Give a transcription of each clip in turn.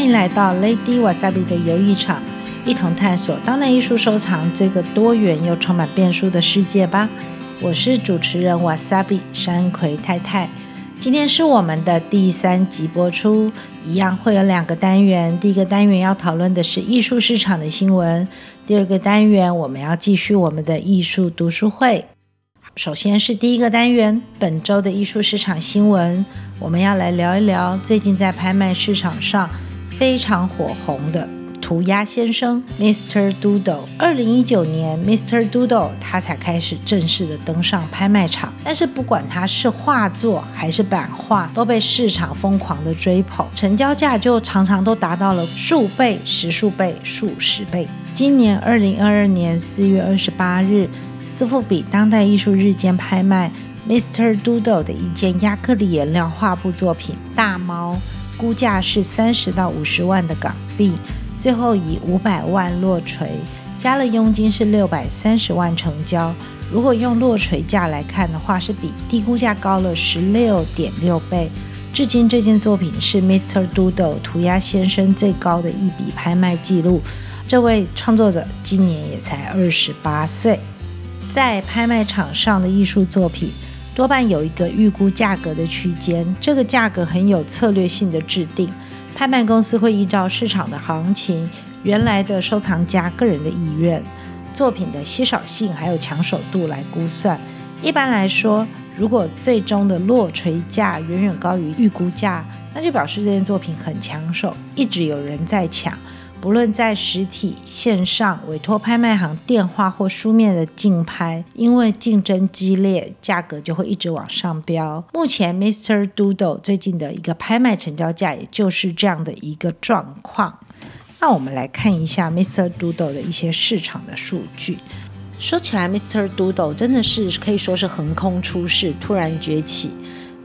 歡迎來到 Lady Wasabi 的遊藝場，一同探索當代藝術收藏這個多元又充滿變數的世界吧。我是主持人 Wasabi 山葵太太。今天是我們的第三集播出，一樣會有兩個單元。第一個單元要討論的是藝術市場的新聞，第二個單元我們要繼續我們的藝術讀書會。首先是第一個單元，本週的藝術市場新聞，我們要來聊一聊最近在拍賣市場上，非常火紅的塗鴉先生 Mr. Doodle，二零一九年 Mr. Doodle 他才開始正式的登上拍賣場，但是不管他是畫作還是版畫，都被市場瘋狂的追捧，成交價就常常都達到了數倍、十數倍、數十倍。今年二零二二年四月二十八日，蘇富比當代藝術日間拍賣 Mr. Doodle 的一件亞克力顏料畫布作品《大貓》。估價是三十到五十萬的港幣，最後以五百萬落槌，加了佣金是六百三十萬成交。如果用落槌價來看的話，是比低估價高了十六點六倍。至今這件作品是 Mr. Doodle 塗鴉先生最高的一筆拍賣記錄。這位創作者今年也才二十八歲。在拍賣場上的藝術作品，多半有一個預估價格的區間，這個價格很有策略性的制定。拍賣公司會依照市場的行情、原來的收藏家個人的意願、作品的稀少性還有搶手度來估算。一般來說，如果最終的落槌價遠遠高於預估價，那就表示這件作品很搶手，一直有人在搶。不論在實體、線上委托拍賣行電話或書面的競拍，因為競爭激烈，價格就會一直往上飆。目前，Mr. Doodle 最近的一個拍賣成交價，也就是這樣的一個狀況。那我們來看一下 Mr. Doodle 的一些市場的數據。說起來，Mr. Doodle 真的是可以說是橫空出世，突然崛起。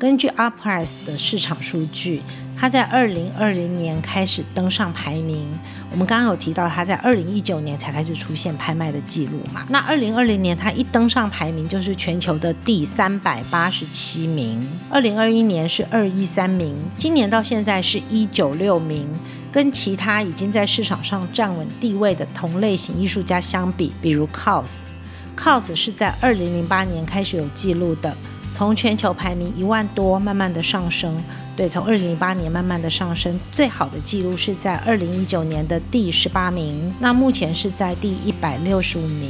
根據 Artprice 的市場數據，它在二零二零年開始登上排名。我們剛剛有提到，它在二零一九年才開始出現拍賣的記錄嘛？那二零二零年它一登上排名就是全球的第三百八十七名，二零二一年是二一三名，今年到現在是一九六名。跟其他已經在市場上站穩地位的同類型藝術家相比，比如 KAWS，KAWS 是在二零零八年開始有記錄的。從全球排名一萬多慢慢的上升，對，從二零零八年慢慢的上升，最好的記錄是在二零一九年的第十八名，那目前是在第一百六十五名。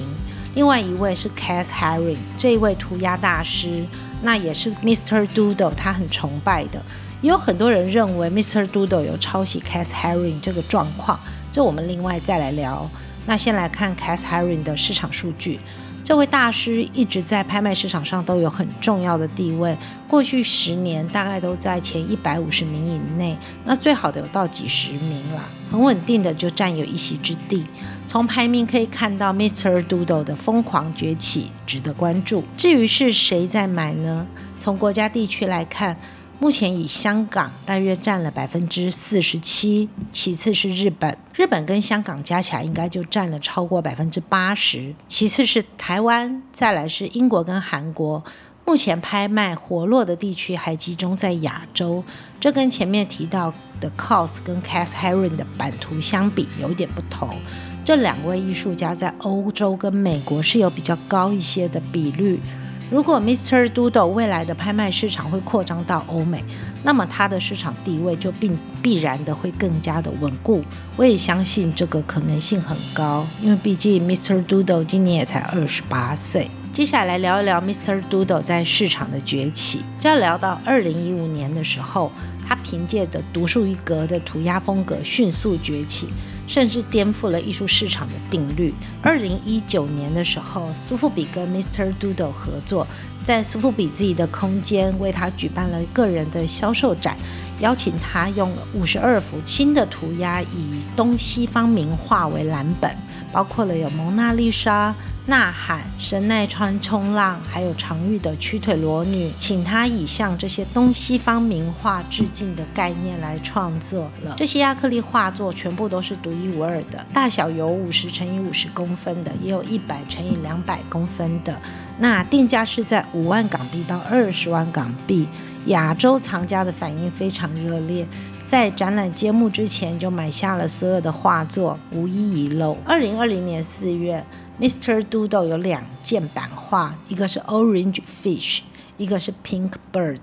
另外一位是 Keith Haring，這一位塗鴉大師，那也是 Mr. Doodle 他很崇拜的，也有很多人認為 Mr. Doodle 有抄襲 Keith Haring 這個狀況，這我們另外再來聊。那先來看 Keith Haring 的市場數據。這位大師一直在拍賣市場上都有很重要的地位，過去十年大概都在前一百五十名以內，那最好的有到幾十名了，很穩定的就佔有一席之地。從排名可以看到，Mr. Doodle 的瘋狂崛起值得關注。至於是誰在買呢？從國家地區來看。目前以香港大約占了百分之四十七，其次是日本，日本跟香港加起來應該就占了超過百分之八十，其次是台灣，再來是英國跟韓國。目前拍賣活絡的地區還集中在亞洲，這跟前面提到的 Kaws 跟 Keith Haring 的版圖相比有一點不同。這兩位藝術家在歐洲跟美國是有比較高一些的比率。如果 Mr. Doodle 未來的拍賣市場會擴張到歐美，那麼他的市場地位就必必然的會更加的穩固。我也相信這個可能性很高，因為畢竟 Mr. Doodle 今年也才二十八歲。接下來聊一聊 Mr. Doodle 在市場的崛起，就要聊到二零一五年的時候，他憑借着獨樹一格的塗鴉風格迅速崛起。甚至顛覆了藝術市場的定律。二零一九年的時候，蘇富比跟 Mr. Doodle 合作，在蘇富比自己的空間為他舉辦了個人的銷售展，邀請他用五十二幅新的塗鴉，以東西方名畫為藍本，包括了有蒙娜麗莎、吶喊、神奈川衝浪，還有常玉的曲腿裸女，請他以向這些東西方名畫致敬的概念來創作了這些亞克力畫作，全部都是獨一無二的，大小有五十乘以五十公分的，也有一百乘以兩百公分的，那定價是在五萬港幣到二十萬港幣，亞洲藏家的反應非常熱烈，在展覽揭幕之前就買下了所有的畫作，無一遺，遺漏。二零二零年四月，Mr. Doodle 有兩件版畫，一個是 Orange Fish，一個是 Pink Bird，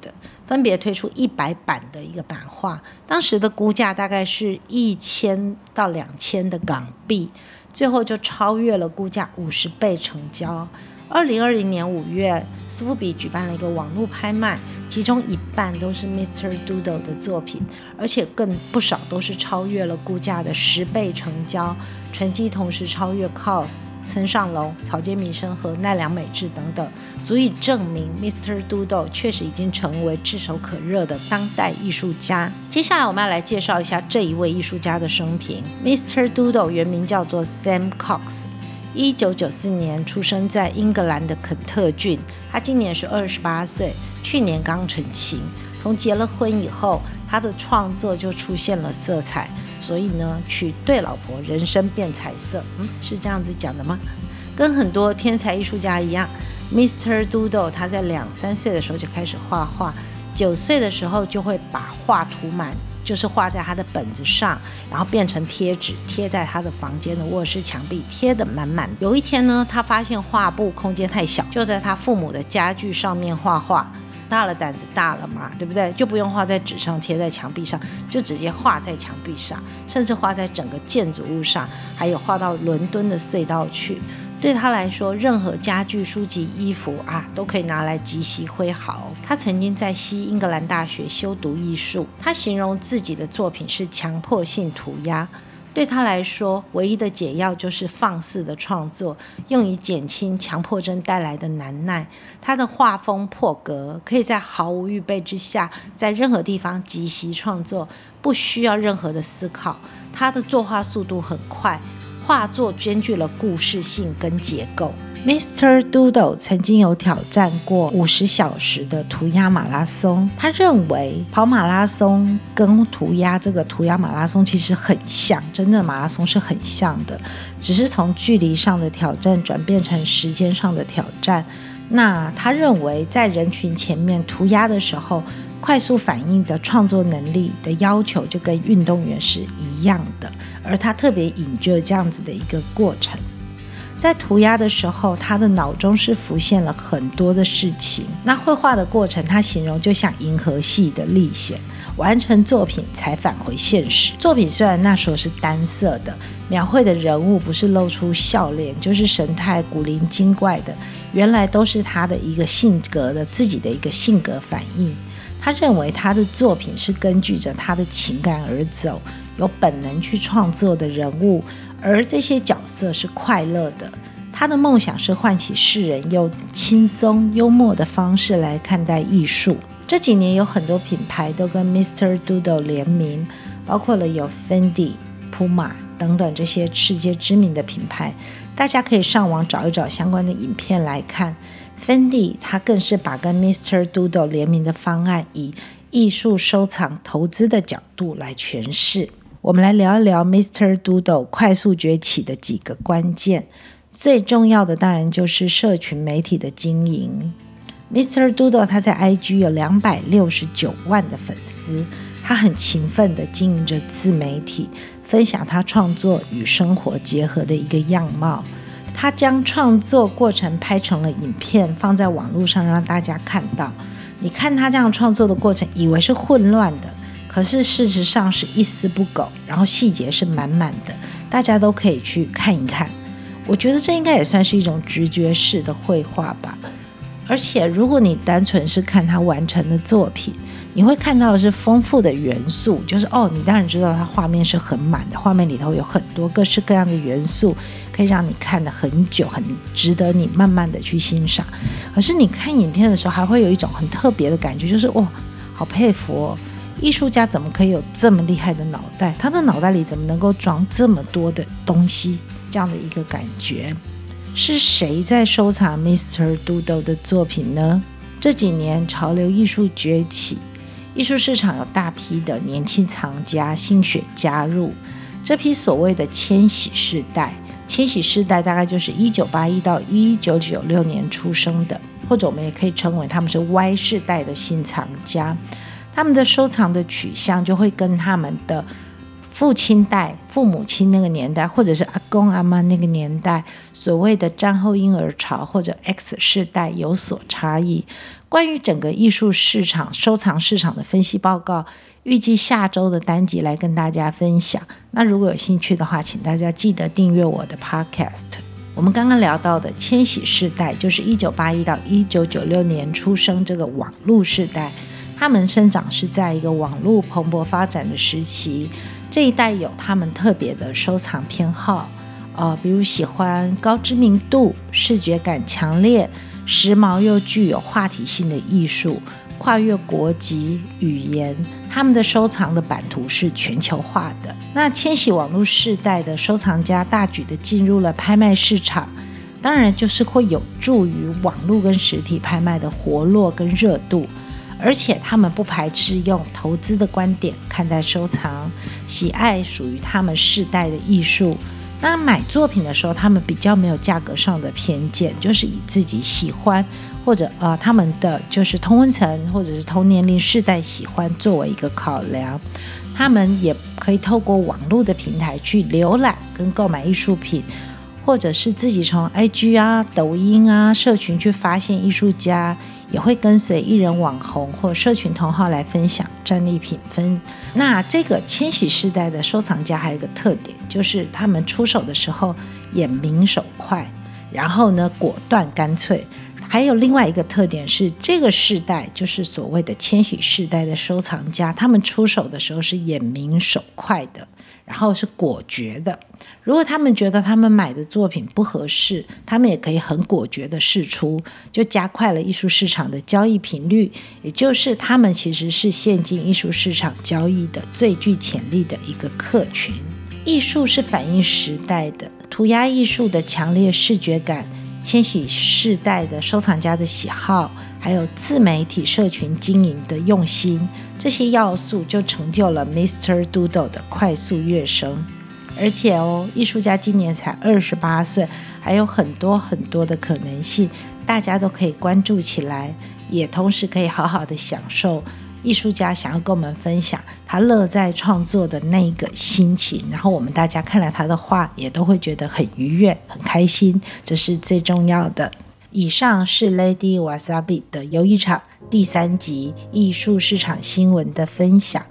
分別推出一百版的一個版畫，當時的估價大概是一千到兩千的港幣，最後就超越了估價五十倍成交。二零二零年五月，蘇富比舉辦了一個網絡拍賣，其中一半都是 Mr. Doodle 的作品，而且更不少都是超越了估價的十倍成交，成績同時超越 Cos、村上隆、草間彌生和奈良美智等等，足以證明 Mr. Doodle 確實已經成為炙手可熱的當代藝術家。接下來我們要來介紹一下這一位藝術家的生平。Mr. Doodle 原名叫做 Sam Cox。一九九四年出生在英格蘭的肯特郡，他今年是二十八歲，去年剛成親。從結了婚以後，他的創作就出現了色彩。所以呢，娶對老婆，人生變彩色。嗯，是這樣子講的嗎？跟很多天才藝術家一樣，Mr. Doodle 他在兩三歲的時候就開始畫畫。九歲的時候就會把畫塗滿，就是畫在他的本子上，然後變成貼紙貼在他的房間的臥室牆壁，貼得滿滿。有一天呢，他發現畫布空間太小，就在他父母的家具上面畫畫。大了膽子大了嘛，對不對？就不用畫在紙上，貼在牆壁上，就直接畫在牆壁上，甚至畫在整個建築物上，還有畫到倫敦的隧道去。對他來說，任何家具、書籍、衣服啊，都可以拿來即席揮毫。他曾經在西英格蘭大學修讀藝術，他形容自己的作品是強迫性塗鴉。對他來說，唯一的解藥就是放肆的創作，用於減輕強迫症帶來的難耐。他的畫風破格，可以在毫無預備之下，在任何地方即席創作，不需要任何的思考。他的作畫速度很快。畫作兼具了故事性跟結構。Mr. Doodle 曾經有挑戰過五十小時的塗鴉馬拉松。他認為跑馬拉松跟塗鴉這個塗鴉馬拉松其實很像，真的馬拉松是很像的，只是從距離上的挑戰轉變成時間上的挑戰。那他認為在人群前面塗鴉的時候。快速反應的創作能力的要求就跟運動員是一樣的，而他特別 enjoy 這樣子的一個過程，在塗鴉的時候，他的腦中是浮現了很多的事情。那繪畫的過程，他形容就像銀河系的歷險，完成作品才返回現實。作品雖然那時候是單色的，描繪的人物不是露出笑臉，就是神態古靈精怪的，原來都是他的一個性格的自己的一個性格反應。他認為他的作品是根據着他的情感而走，有本能去創作的人物，而這些角色是快樂的。他的夢想是喚起世人用輕鬆幽默的方式來看待藝術。這幾年有很多品牌都跟 Mr. Doodle 聯名，包括了有 Fendi、Puma 等等這些世界知名的品牌，大家可以上網找一找相關的影片來看。Fendi 他更是把跟 Mr. Doodle 聯名的方案，以藝術收藏投資的角度來詮釋。我們來聊一聊 Mr. Doodle 快速崛起的幾個關鍵。最重要的當然就是社群媒體的經營。Mr. Doodle 他在 IG 有兩百六十九萬的粉絲，他很勤奮地經營着自媒體，分享他創作與生活結合的一個樣貌。他將創作過程拍成了影片，放在網絡上讓大家看到。你看他這樣創作的過程，以為是混亂的，可是事實上是一絲不苟，然後細節是滿滿的，大家都可以去看一看。我覺得這應該也算是一種直覺式的繪畫吧。而且，如果你單純是看他完成的作品，你會看到的是豐富的元素，就是哦，你當然知道它畫面是很滿的，畫面裡頭有很多各式各樣的元素，可以讓你看得很久，很值得你慢慢的去欣賞。可是你看影片的時候，還會有一種很特別的感覺，就是哇、哦，好佩服哦，藝術家怎麼可以有這麼厲害的腦袋？他的腦袋裡怎麼能夠裝這麼多的東西？這樣的一個感覺，是誰在收藏 Mr. Doodle 的作品呢？這幾年潮流藝術崛起。藝術市場有大批的年輕藏家新血加入，這批所謂的“千禧世代”，千禧世代大概就是一九八一到一九九六年出生的，或者我們也可以稱為他們是 Y 世代的新藏家，他們的收藏的取向就會跟他們的父親代、父母親那個年代，或者是阿公阿媽那個年代，所謂的戰後嬰兒潮或者 X 世代有所差異。關於整個藝術市場、收藏市場的分析報告，預計下周的單集來跟大家分享。那如果有興趣的話，請大家記得訂閱我的 Podcast。我們剛剛聊到的千禧世代，就是一九八一到一九九六年出生這個網絡世代，他們生長是在一個網絡蓬勃發展的時期。這一代有他們特別的收藏偏好，呃，比如喜歡高知名度、視覺感強烈、時髦又具有話題性的藝術，跨越國籍、語言。他們的收藏的版圖是全球化的。那千禧網絡世代的收藏家大舉地進入了拍賣市場，當然就是會有助於網絡跟實體拍賣的活絡跟熱度。而且他們不排斥用投資的觀點看待收藏，喜愛屬於他們世代的藝術。那買作品的時候，他們比較沒有價格上的偏見，就是以自己喜歡或者，呃他們的就是同溫層或者是同年齡世代喜歡作為一個考量。他們也可以透過網絡的平台去瀏覽跟購買藝術品。或者是自己從 IG 啊、抖音啊、社群去發現藝術家，也會跟隨藝人、網紅或社群同好來分享戰利品分。那這個千禧世代的收藏家還有一個特點，就是他們出手的時候眼明手快，然後呢果斷乾脆。還有另外一個特點是，這個世代就是所謂的千禧世代的收藏家，他們出手的時候是眼明手快的。然後是果決的，如果他們覺得他們買的作品不合適，他們也可以很果決的釋出，就加快了藝術市場的交易頻率，也就是他們其實是現今藝術市場交易的最具潛力的一個客群。藝術是反映時代的，塗鴉藝術的強烈視覺感，千禧世代的收藏家的喜好。還有自媒體社群經營的用心，這些要素就成就了 Mr. Doodle 的快速躍升。而且哦，藝術家今年才二十八歲，還有很多很多的可能性，大家都可以關注起來，也同時可以好好的享受藝術家想要跟我們分享他樂在創作的那一個心情。然後我們大家看了他的畫，也都會覺得很愉悅、很開心，這是最重要的。以上是 Lady Wasabi 的遊藝場第三集藝術市場新聞的分享。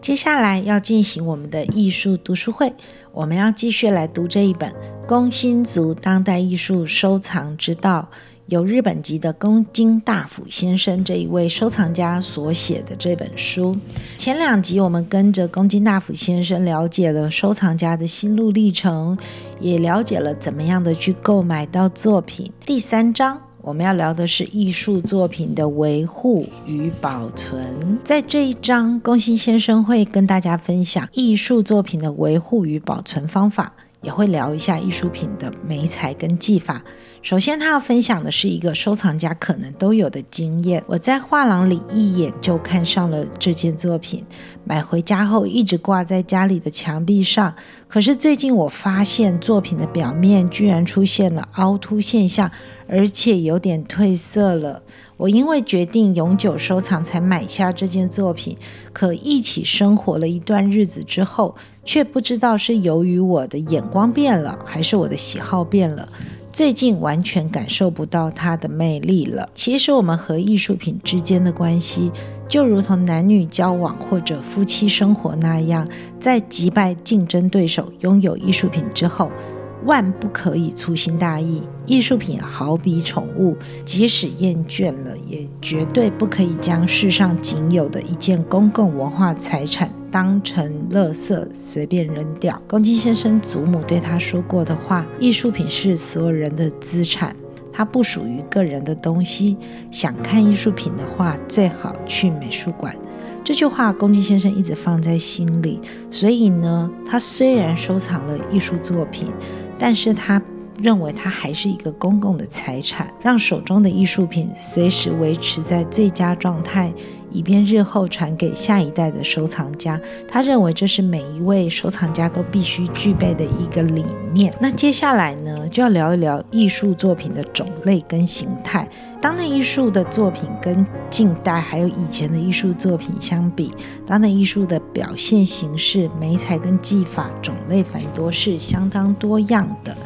接下來要進行我們的藝術讀書會，我們要繼續來讀這一本《工薪族當代藝術收藏之道》，由日本籍的宮津大輔先生這一位收藏家所寫的這本書。前兩集我們跟着宮津大輔先生了解了收藏家的心路歷程。也了解了怎麼樣的去購買到作品。第三章，我們要聊的是藝術作品的維護與保存。在這一章，宮津先生會跟大家分享藝術作品的維護與保存方法。也會聊一下藝術品的媒材跟技法。首先，他要分享的是一個收藏家可能都有的經驗。我在畫廊裡一眼就看上了這件作品，買回家後一直掛在家裡的牆壁上。可是最近我發現作品的表面居然出現了凹凸現象。而且有點褪色了。我因為決定永久收藏才買下這件作品，可一起生活了一段日子之後，卻不知道是由於我的眼光變了，還是我的喜好變了，最近完全感受不到它的魅力了。其實，我們和藝術品之間的關係，就如同男女交往或者夫妻生活那樣，在擊敗競爭對手、擁有藝術品之後，萬不可以粗心大意。藝術品好比寵物，即使厭倦了，也絕對不可以將世上僅有的一件公共文化財產當成垃圾隨便扔掉。宮津先生祖母對他說過的話：“藝術品是所有人的資產，它不屬於個人的東西。想看藝術品的話，最好去美術館。”這句話，宮津先生一直放在心裡。所以呢，他雖然收藏了藝術作品。但是它。認為它還是一個公共的財產，讓手中的藝術品隨時維持在最佳狀態，以便日後傳給下一代的收藏家。他認為這是每一位收藏家都必須具備的一個理念。那接下來呢，就要聊一聊藝術作品的種類跟形態。當代藝術的作品跟近代還有以前的藝術作品相比，當代藝術的表現形式、媒材跟技法種類繁多，是相當多樣的。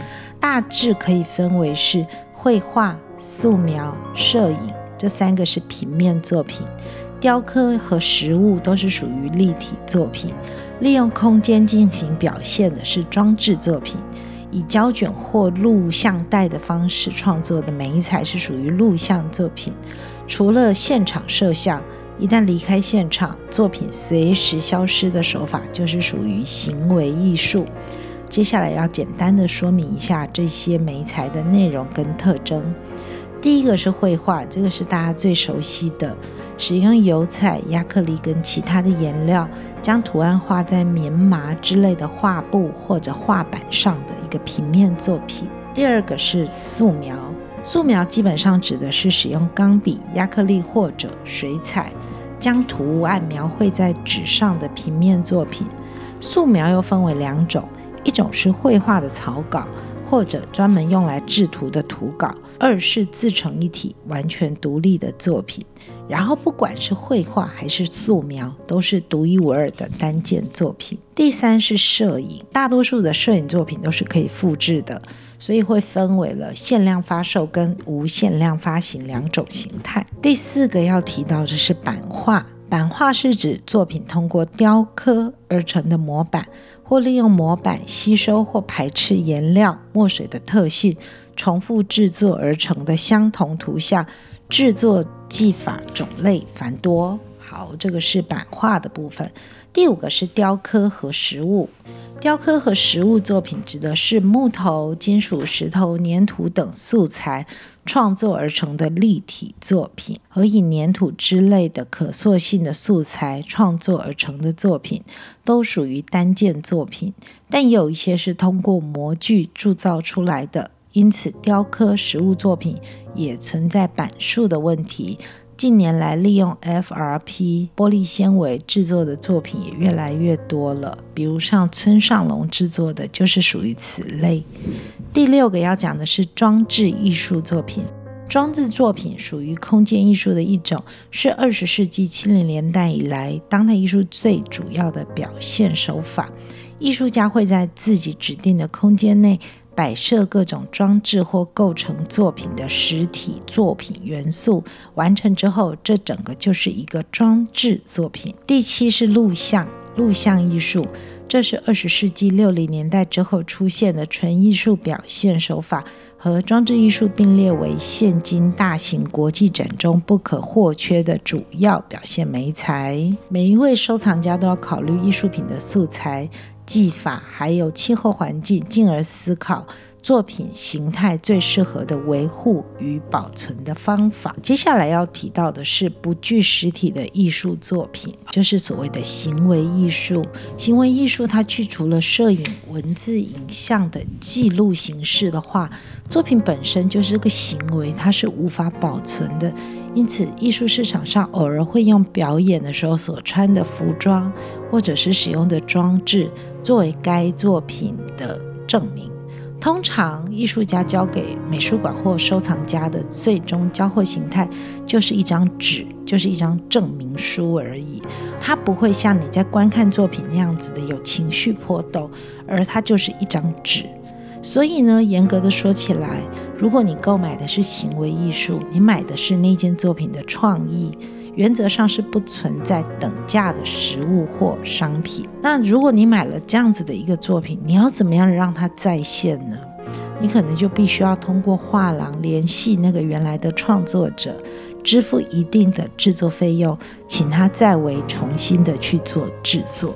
大致可以分為是繪畫、素描、攝影，這三個是平面作品；雕刻和實物都是屬於立體作品。利用空間進行表現的是裝置作品。以膠卷或錄像帶的方式創作的媒材是屬於錄像作品。除了現場攝像，一旦離開現場，作品隨時消失的手法就是屬於行為藝術。接下來要簡單的說明一下這些媒材的內容跟特徵。第一個是繪畫，這個是大家最熟悉的，使用油彩、壓克力跟其他的顏料，將圖案畫在棉麻之類的畫布或者畫板上的一個平面作品。第二個是素描，素描基本上指的是使用鋼筆、壓克力或者水彩，將圖案描繪在紙上的平面作品。素描又分為兩種。一種是繪畫的草稿或者專門用來製圖的圖稿，二是自成一體、完全獨立的作品。然後，不管是繪畫還是素描，都是獨一無二的單件作品。第三是攝影，大多數的攝影作品都是可以複製的，所以會分為了限量發售跟無限量發行兩種形態。第四個要提到的是版畫，版畫是指作品通過雕刻而成的模板。或利用模板吸收或排斥顏料墨水的特性，重複製作而成的相同圖像，制作技法種類繁多。好，這個是版畫的部分。第五個是雕刻和實物。雕刻和實物作品指的是木頭、金屬、石頭、粘土等素材。創作而成的立體作品和以粘土之類的可塑性的素材創作而成的作品都屬於單件作品，但有一些是通過模具鑄造出來的，因此雕刻實物作品也存在版數的問題。近年來，利用 FRP 玻璃纖維制作的作品也越來越多了，比如像村上隆製作的，就是屬於此類。第六個要講的是裝置藝術作品。裝置作品屬於空間藝術的一種，是二十世紀七零年代以來當代藝術最主要的表現手法。藝術家會在自己指定的空間內，擺設各種裝置或構成作品的實體作品元素完成之後，這整個就是一個裝置作品。第七是錄像，錄像藝術。這是二十世紀六零年代之後出現的純藝術表現手法，和裝置藝術並列為現今大型國際展中不可或缺的主要表現媒材。每一位收藏家都要考慮藝術品的素材、技法，還有氣候環境，進而思考。作品形態最適合的維護與保存的方法。接下來要提到的是不具實體的藝術作品，就是所謂的行為藝術。行為藝術它去除了攝影、文字、影像的記錄形式的話，作品本身就是個行為，它是無法保存的。因此，藝術市場上偶爾會用表演的時候所穿的服裝，或者是使用的裝置，作為該作品的證明。通常，藝術家交給美術館或收藏家的最終交貨形態，就是一張紙，就是一張證明書而已。它不會像你在觀看作品那樣子的有情緒波動，而它就是一張紙。所以呢，嚴格的說起來，如果你購買的是行為藝術，你買的是那件作品的創意。原則上是不存在等價的食物或商品。那如果你買了這樣子的一個作品，你要怎麼樣讓它再現呢？你可能就必須要通過畫廊聯繫那個原來的創作者，支付一定的制作費用，請他再為重新的去做制作。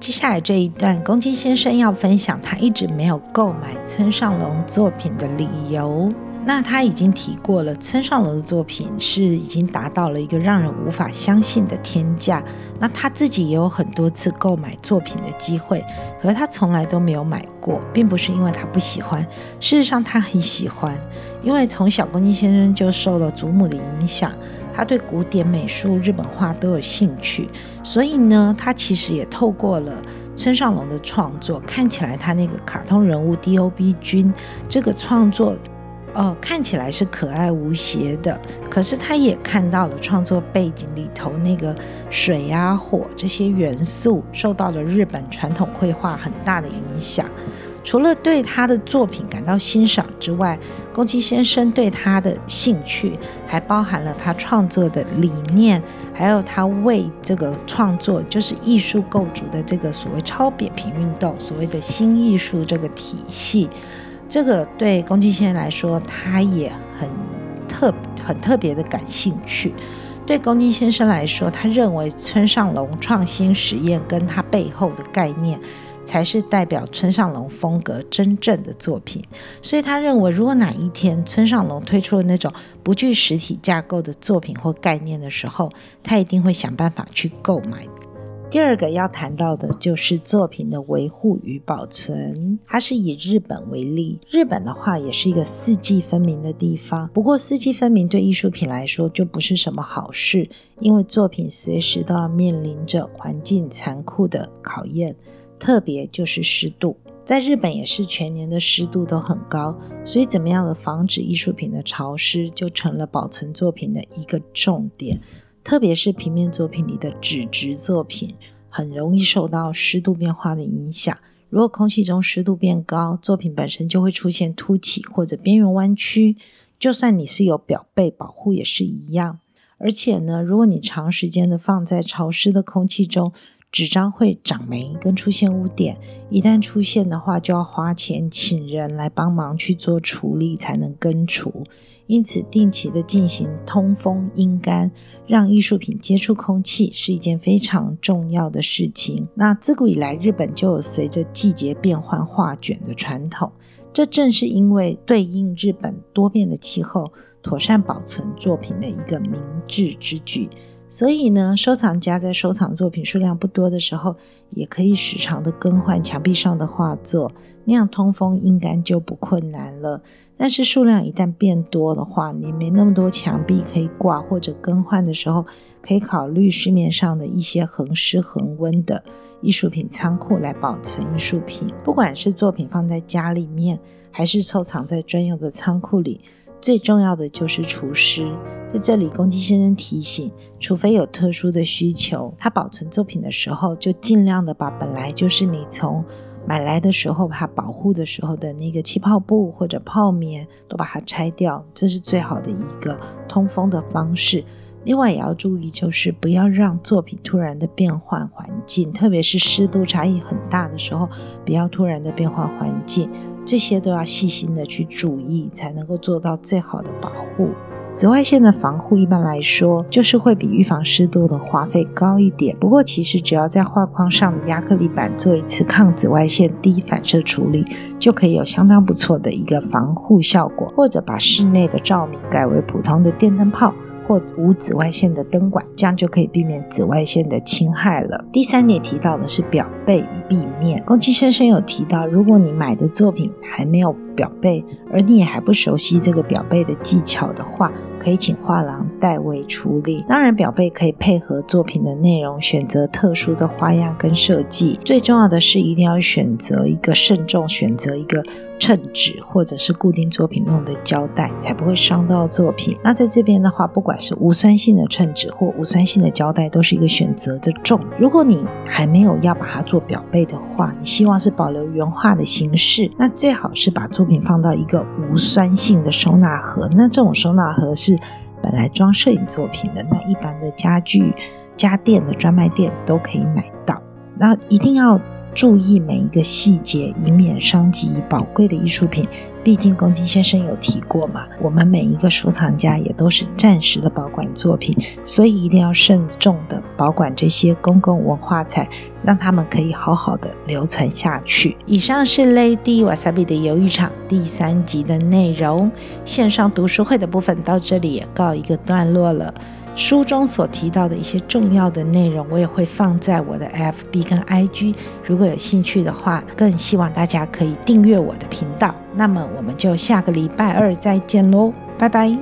接下來這一段，公雞先生要分享他一直沒有購買村上龍作品的理由。那他已經提過了，村上隆的作品是已經達到了一個讓人無法相信的天價。那他自己也有很多次購買作品的機會，可是他從來都沒有買過，並不是因為他不喜歡，事實上他很喜歡。因為從小宮津先生就受了祖母的影響，他對古典美術、日本畫都有興趣，所以呢，他其實也透過了村上隆的創作，看起來他那個卡通人物 DOB 君這個創作。哦，看起來是可愛無邪的，可是他也看到了創作背景裡頭那個水啊、火這些元素受到了日本傳統繪畫很大的影響。除了對他的作品感到欣賞之外，宮津先生對他的興趣還包含了他創作的理念，還有他為這個創作就是藝術構築的這個所謂超扁平運動，所謂的新藝術這個體系。這個對宮津先生來說，他也很特很特別的感興趣。對宮津先生來說，他認為村上隆創新實驗跟他背後的概念，才是代表村上隆風格真正的作品。所以他認為，如果哪一天村上隆推出了那種不具實體架構的作品或概念的時候，他一定會想辦法去購買。第二個要談到的就是作品的維護與保存。它是以日本為例，日本的話也是一個四季分明的地方。不過四季分明對藝術品來說就不是什麼好事，因為作品隨時都要面臨着環境殘酷的考驗，特別就是濕度。在日本也是全年的濕度都很高，所以怎麼樣的防止藝術品的潮濕，就成了保存作品的一個重點。特別是平面作品裡的紙質作品，很容易受到濕度變化的影響。如果空氣中濕度變高，作品本身就會出現凸起或者邊緣彎曲。就算你是有裱褙保護也是一樣。而且呢，如果你長時間的放在潮濕的空氣中，紙張會長黴跟出現污點，一旦出現的話，就要花錢請人來幫忙去做處理才能根除。因此，定期的進行通風陰乾，讓藝術品接觸空氣是一件非常重要的事情。那自古以來，日本就有隨着季節變換畫卷的傳統，這正是因為對應日本多變的氣候，妥善保存作品的一個明智之舉。所以呢，收藏家在收藏作品數量不多的時候，也可以時常的更換牆壁上的畫作，那樣通風應該就不困難了。但是數量一旦變多的話，你沒那麼多牆壁可以掛或者更換的時候，可以考慮市面上的一些恆濕恆溫的藝術品倉庫來保存藝術品。不管是作品放在家裡面，還是收藏在專用的倉庫裡。最重要的就是除濕。在這裡，宮津先生提醒，除非有特殊的需求，他保存作品的時候就盡量的把本來就是你從買來的時候把它保護的時候的那個氣泡布或者泡棉都把它拆掉，這是最好的一個通風的方式。另外也要注意，就是不要讓作品突然的變換環境，特別是濕度差異很大的時候，不要突然的變換環境。這些都要細心的去注意，才能夠做到最好的保護。紫外線的防護一般來說就是會比預防濕度的花費高一點。不過其實只要在畫框上的壓克力板做一次抗紫外線低反射處理，就可以有相當不錯的一個防護效果。或者把室內的照明改為普通的電燈泡或無紫外線的燈管，這樣就可以避免紫外線的侵害了。第三點提到的是表背。避免宮津先生有提到，如果你買的作品還沒有裱背，而你也還不熟悉這個裱背的技巧的話，可以請畫廊代為處理。當然，裱背可以配合作品的內容，選擇特殊的花樣跟設計。最重要的是，一定要選擇一個慎重選擇一個襯紙或者是固定作品用的膠帶，才不會傷到作品。那在這邊的話，不管是無酸性的襯紙或無酸性的膠帶，都是一個選擇的種。如果你還沒有要把它做裱背，的話，你希望是保留原畫的形式，那最好是把作品放到一個無酸性的收納盒。那這種收納盒是本來裝攝影作品的，那一般的家具、家電的專賣店都可以買到。那一定要注意每一個細節，以免傷及寶貴的藝術品。畢竟宮津先生有提過嘛，我們每一個收藏家也都是暫時的保管作品，所以一定要慎重的保管這些公共文化財。讓他們可以好好的流傳下去。以上是 Lady Wasabi 的遊藝場第三集的內容，線上讀書會的部分到這裡也告一個段落了。書中所提到的一些重要的內容，我也會放在我的 FB 跟 IG。如果有興趣的話，更希望大家可以訂閱我的頻道。那麼我們就下個禮拜二再見嘍，拜拜。